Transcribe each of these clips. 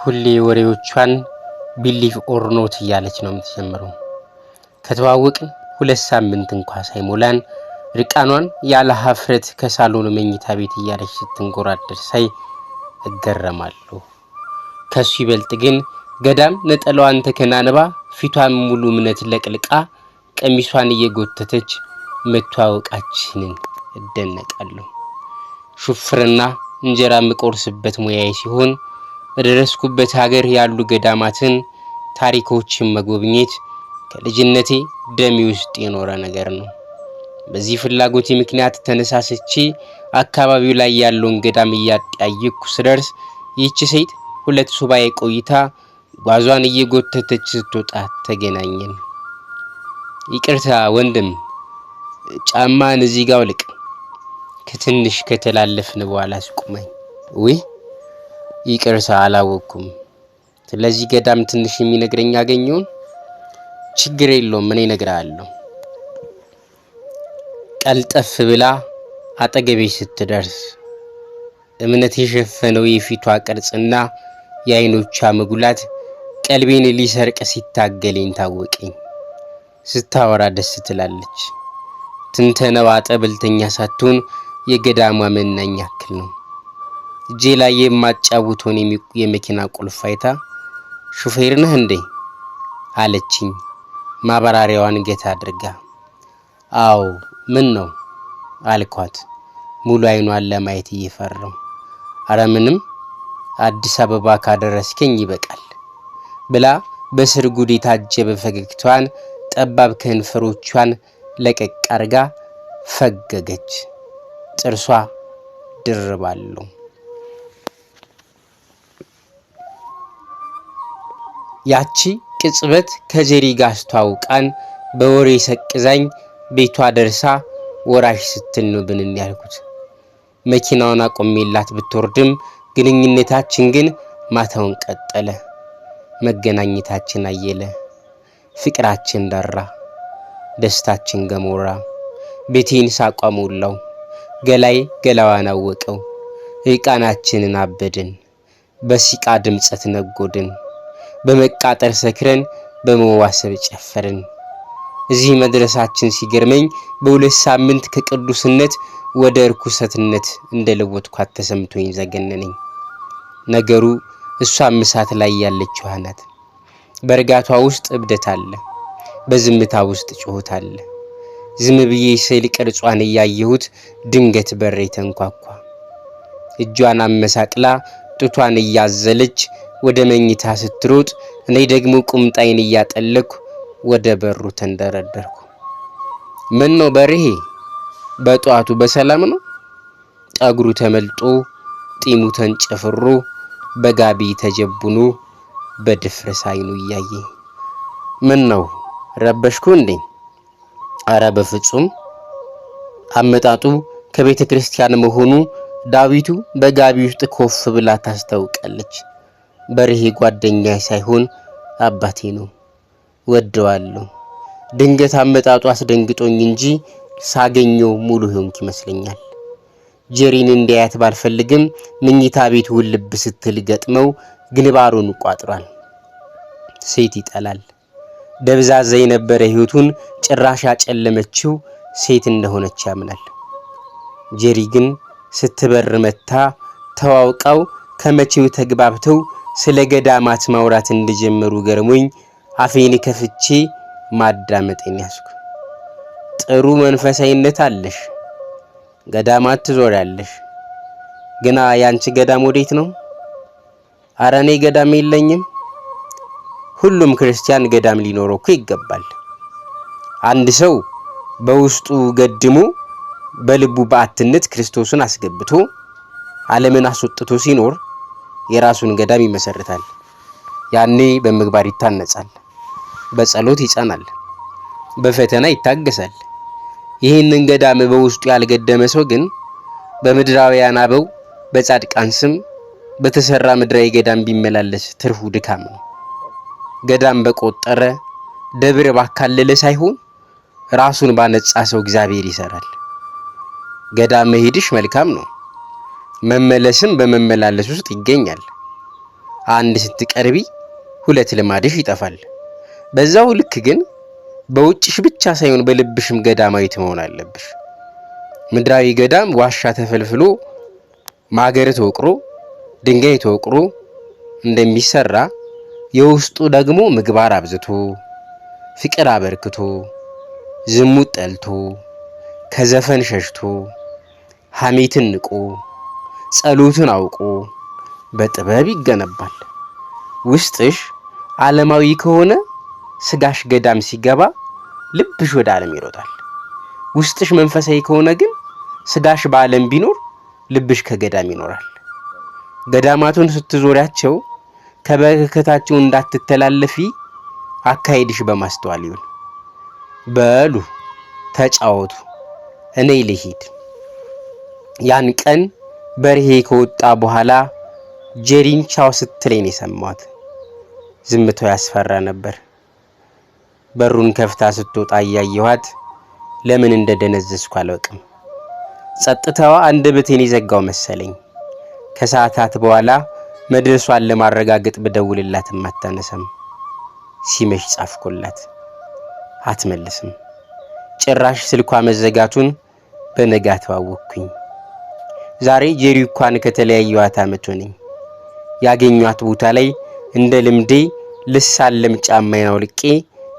ሁሌ ወሬዎቿን ቢሊቭ ኦር ኖት እያለች ነው የምትጀምረው። ከተዋወቅን ሁለት ሳምንት እንኳ ሳይሞላን ርቃኗን ያለ ሀፍረት ከሳሎን መኝታ ቤት እያለች ስትንጎራደድ ሳይ እገረማለሁ። ከሱ ይበልጥ ግን ገዳም ነጠላዋን ተከናንባ ፊቷን ሙሉ እምነት ለቅልቃ ቀሚሷን እየጎተተች መተዋወቃችንን እደነቃለሁ። ሹፍርና እንጀራ የምቆርስበት ሙያዬ ሲሆን በደረስኩበት ሀገር ያሉ ገዳማትን፣ ታሪኮችን መጎብኘት ከልጅነቴ ደሜ ውስጥ የኖረ ነገር ነው። በዚህ ፍላጎቴ ምክንያት ተነሳስቼ አካባቢው ላይ ያለውን ገዳም እያጠያየኩ ስደርስ ይህች ሴት ሁለት ሱባኤ ቆይታ ጓዟን እየጎተተች ስትወጣ ተገናኘን። ይቅርታ ወንድም፣ ጫማን እዚህ ጋ አውልቅ፣ ከትንሽ ከተላለፍን በኋላ አስቁመኝ። ውይ ይቅርታ አላወቅኩም። ስለዚህ ገዳም ትንሽ የሚነግረኝ ያገኘውን ችግር የለውም እኔ እነግርሃለሁ። ቀልጠፍ ብላ አጠገቤ ስትደርስ እምነት የሸፈነው የፊቷ ቅርጽና የአይኖቿ መጉላት ቀልቤን ሊሰርቅ ሲታገለኝ ታወቀኝ። ስታወራ ደስ ትላለች። ትንተነዋ ጠበልተኛ ሳትሆን የገዳሟ መናኝ ያክል ነው። እጄ ላይ የማጫውተውን የመኪና ቁልፍ አይታ ሹፌር ነህ እንዴ አለችኝ፣ ማብራሪያዋን ጌታ አድርጋ። አዎ ምን ነው አልኳት፣ ሙሉ አይኗን ለማየት እየፈራው። አረ ምንም አዲስ አበባ ካደረስከኝ ይበቃል ብላ በስር ጉድ የታጀበ ፈገግታዋን ጠባብ ከንፈሮቿን ለቀቅ አርጋ ፈገገች። ጥርሷ ድርባለሁ ያቺ ቅጽበት ከጄሪ ጋር ስተዋውቃን በወሬ ሰቅዛኝ ቤቷ ደርሳ ወራሽ ስትል ነው ብንን ያልኩት። መኪናውን አቆሜላት ብትወርድም ግንኙነታችን ግን ማታውን ቀጠለ። መገናኘታችን አየለ፣ ፍቅራችን ዳራ፣ ደስታችን ገሞራ። ቤቴን ሳቋ ሞላው፣ ገላይ ገላዋን አወቀው። እርቃናችንን አበድን፣ በሲቃ ድምጸት ነጎድን። በመቃጠል ሰክረን በመዋሰብ ጨፈርን። እዚህ መድረሳችን ሲገርመኝ በሁለት ሳምንት ከቅዱስነት ወደ እርኩሰትነት እንደለወጥኳት ተሰምቶኝ ዘገነነኝ። ነገሩ እሷ ምሳት ላይ ያለችዋ ናት። በእርጋቷ ውስጥ እብደት አለ፣ በዝምታ ውስጥ ጩኸት አለ። ዝም ብዬ ስዕል ቅርጿን እያየሁት ድንገት በሬ ተንኳኳ። እጇን አመሳቅላ ጡቷን እያዘለች ወደ መኝታ ስትሮጥ እኔ ደግሞ ቁምጣይን እያጠለኩ ወደ በሩ ተንደረደርኩ። ምን ነው በርሄ፣ በጠዋቱ በሰላም ነው? ጠጉሩ ተመልጦ ጢሙ ተንጨፍሮ በጋቢ ተጀቡኖ በድፍረስ አይኑ እያየ ምን ነው ረበሽኩ እንዴ? አረ በፍጹም አመጣጡ ከቤተ ክርስቲያን መሆኑ ዳዊቱ በጋቢ ውስጥ ኮፍ ብላ ታስታውቃለች። በርሄ ጓደኛ ሳይሆን አባቴ ነው፣ ወደዋለሁ። ድንገት አመጣጡ አስደንግጦኝ እንጂ ሳገኘው ሙሉ ሆንክ ይመስለኛል። ጀሪን እንዲያያት ባልፈልግም መኝታ ቤት ውልብ ስትል ገጥመው ግንባሩን ቋጥሯል። ሴት ይጠላል። ደብዛዛ የነበረ ሕይወቱን ጭራሽ ያጨለመችው ሴት እንደሆነች ያምናል። ጀሪ ግን ስትበር መታ ተዋውቀው ከመቼው ተግባብተው ስለ ገዳማት ማውራት እንደጀመሩ ገርሞኝ አፌን ከፍቼ ማዳመጤን ያዝኩ። ጥሩ መንፈሳዊነት አለሽ፣ ገዳማት ትዞሪያለሽ። ግና ያንቺ ገዳም ወዴት ነው? አረ እኔ ገዳም የለኝም። ሁሉም ክርስቲያን ገዳም ሊኖረው እኮ ይገባል። አንድ ሰው በውስጡ ገድሞ በልቡ በአትነት ክርስቶስን አስገብቶ ዓለምን አስወጥቶ ሲኖር የራሱን ገዳም ይመሰርታል። ያኔ በምግባር ይታነጻል፣ በጸሎት ይጸናል፣ በፈተና ይታገሳል። ይህንን ገዳም በውስጡ ያልገደመ ሰው ግን በምድራውያን አበው በጻድቃን ስም በተሰራ ምድራዊ ገዳም ቢመላለስ ትርፉ ድካም ነው። ገዳም በቆጠረ ደብር ባካለለ ሳይሆን ራሱን ባነጻ ሰው እግዚአብሔር ይሰራል። ገዳም መሄድሽ መልካም ነው። መመለስም በመመላለስ ውስጥ ይገኛል። አንድ ስትቀርቢ ሁለት ልማድሽ ይጠፋል። በዛው ልክ ግን በውጭሽ ብቻ ሳይሆን በልብሽም ገዳማዊት መሆን አለብሽ። ምድራዊ ገዳም ዋሻ ተፈልፍሎ ማገር ተወቅሮ ድንጋይ ተወቅሮ እንደሚሰራ የውስጡ ደግሞ ምግባር አብዝቶ ፍቅር አበርክቶ ዝሙት ጠልቶ ከዘፈን ሸሽቶ ሐሜትን ንቆ ጸሎትን አውቆ በጥበብ ይገነባል። ውስጥሽ ዓለማዊ ከሆነ ስጋሽ ገዳም ሲገባ ልብሽ ወደ ዓለም ይሮጣል። ውስጥሽ መንፈሳዊ ከሆነ ግን ስጋሽ በዓለም ቢኖር ልብሽ ከገዳም ይኖራል። ገዳማቱን ስትዞሪያቸው ከበረከታቸው እንዳትተላለፊ አካሄድሽ በማስተዋል ይሁን። በሉ ተጫወቱ፣ እኔ ልሂድ። ያን ቀን በርሄ ከወጣ በኋላ ጄሪን ቻው ስትለኝ የሰማት። ዝምታው ያስፈራ ነበር። በሩን ከፍታ ስትወጣ እያየኋት ለምን እንደደነዘዝኩ አላውቅም። ጸጥታዋ አንደበቴን ይዘጋው መሰለኝ። ከሰዓታት በኋላ መድረሷን ለማረጋገጥ ብደውልላትም አታነሰም ሲመሽ ጻፍኩላት፣ አትመልስም። ጭራሽ ስልኳ መዘጋቱን በነጋ አወቅኩኝ። ዛሬ ጄሪኳን ከተለያየኋት ዓመት ሆነኝ። ያገኟት ቦታ ላይ እንደ ልምዴ ልሳለም ጫማዬን አውልቄ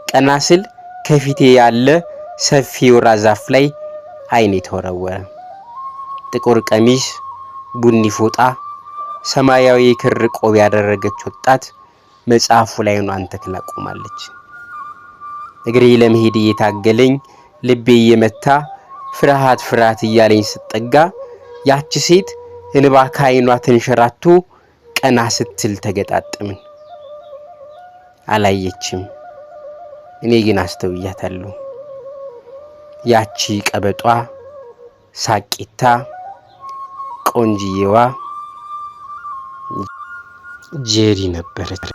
ቀና ስል ከፊቴ ያለ ሰፊ ወራ ዛፍ ላይ አይኔ ተወረወረ። ጥቁር ቀሚስ፣ ቡኒ ፎጣ፣ ሰማያዊ ክር ቆብ ያደረገች ወጣት መጽሐፉ ላይ ኗን ተክላ ቆማለች። እግሬ ለመሄድ እየታገለኝ ልቤ እየመታ ፍርሃት ፍርሃት እያለኝ ስጠጋ ያቺ ሴት እንባ ከዓይኗ ተንሸራቶ ቀና ስትል ተገጣጠምን። አላየችም። እኔ ግን አስተውያታለሁ። ያቺ ቀበጧ ሳቂታ ቆንጅዬዋ ጄሪ ነበረች።